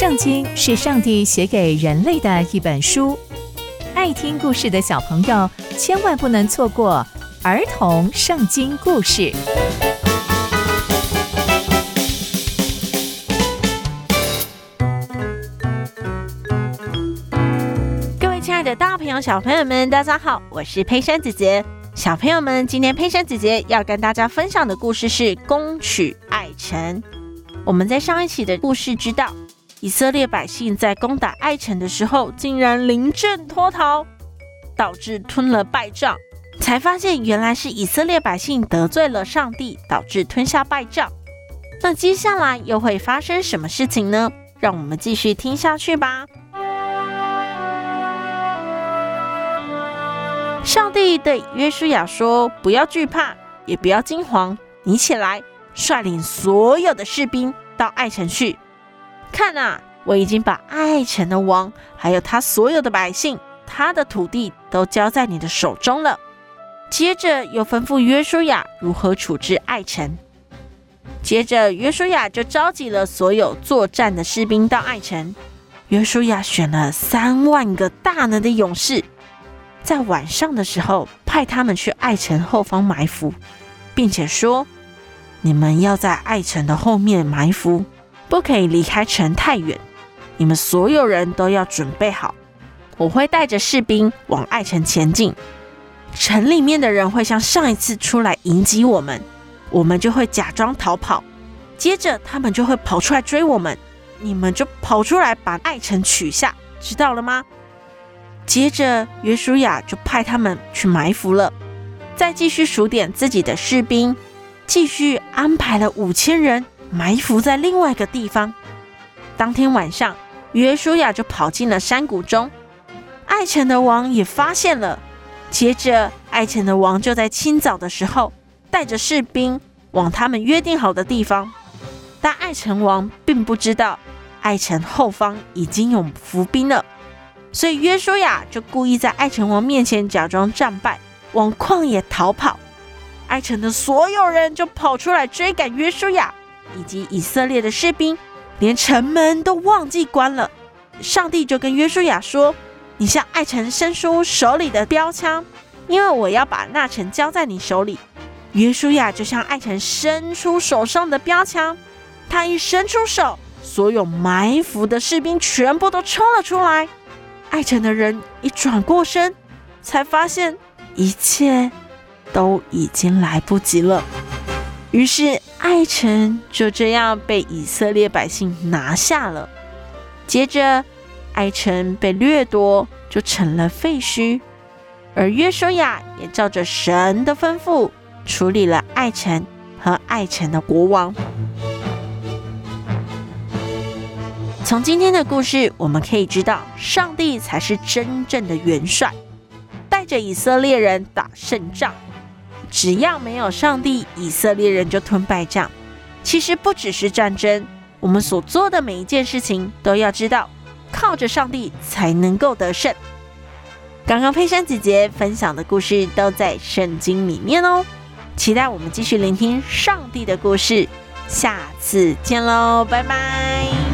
聖經是上帝寫給人類的一本書，愛聽故事的小朋友千萬不能錯過兒童聖經故事。各位親愛的大朋友、小朋友們，大家好，我是佩珊姐姐。小朋友們，今天佩珊姐姐要跟大家分享的故事是《攻取艾城》，我們在上一期的故事知道。以色列百姓在攻打艾城的時候，竟然臨陣脫逃，導致吞了敗仗。才發現原來是以色列百姓得罪了上帝，導致吞下敗仗。那接下來又會發生什麼事情呢？讓我們繼續聽下去吧。上帝對約書亞說：“不要懼怕，也不要驚慌，你起來，率領所有的士兵到艾城去。”看啊，我已經把艾城的王，還有他所有的百姓，他的土地都交在你的手中了。接着又吩咐約書亞如何處置艾城。接着約書亞就召集了所有作戰的士兵到艾城。約書亞選了三萬個大能的勇士，在晚上的時候派他們去艾城後方埋伏，並且說：“你們要在艾城的後面埋伏。”不可以離開城太遠，你們所有人都要準備好。我會帶着士兵往艾城前進。城裡面的人會像上一次出來迎擊我們，我們就會假裝逃跑，接着他們就會跑出來追我們，你們就跑出來把艾城取下，知道了嗎？接着約書亞就派他們去埋伏了，再繼續數點自己的士兵，繼續安排了五千人。埋伏在另外一個地方。當天晚上，約書亞就跑進了山谷中。艾城的王也發現了。接着，艾城的王就在清早的時候帶着士兵往他們約定好的地方。但艾城王並不知道艾城後方已經有伏兵了，所以約書亞就故意在艾城王面前假裝戰敗，往曠野逃跑。艾城的所有人就跑出來追趕約書亞。以及以色列的士兵，連城門都忘記關了。上帝就跟約書亞說：“你向艾城伸出手裡的標槍，因為我要把那城交在你手裡。”約書亞就向艾城伸出手上的標槍，他一伸出手，所有埋伏的士兵全部都衝了出來。艾城的人一轉過身，才發現一切都已經來不及了。於是，艾城就這樣被以色列百姓拿下了。接着，艾城被掠奪，就成了廢墟。而約書亞也照着神的吩咐處理了艾城和艾城的國王。從今天的故事，我們可以知道，上帝才是真正的元帥，帶着以色列人打勝仗。只要沒有上帝，以色列人就吞敗仗。其實不只是戰爭，我們所做的每一件事情都要知道，靠着上帝才能夠得勝。剛剛佩珊姐姐分享的故事都在聖經裡面哦，期待我們繼續聆聽上帝的故事，下次見嘍，拜拜。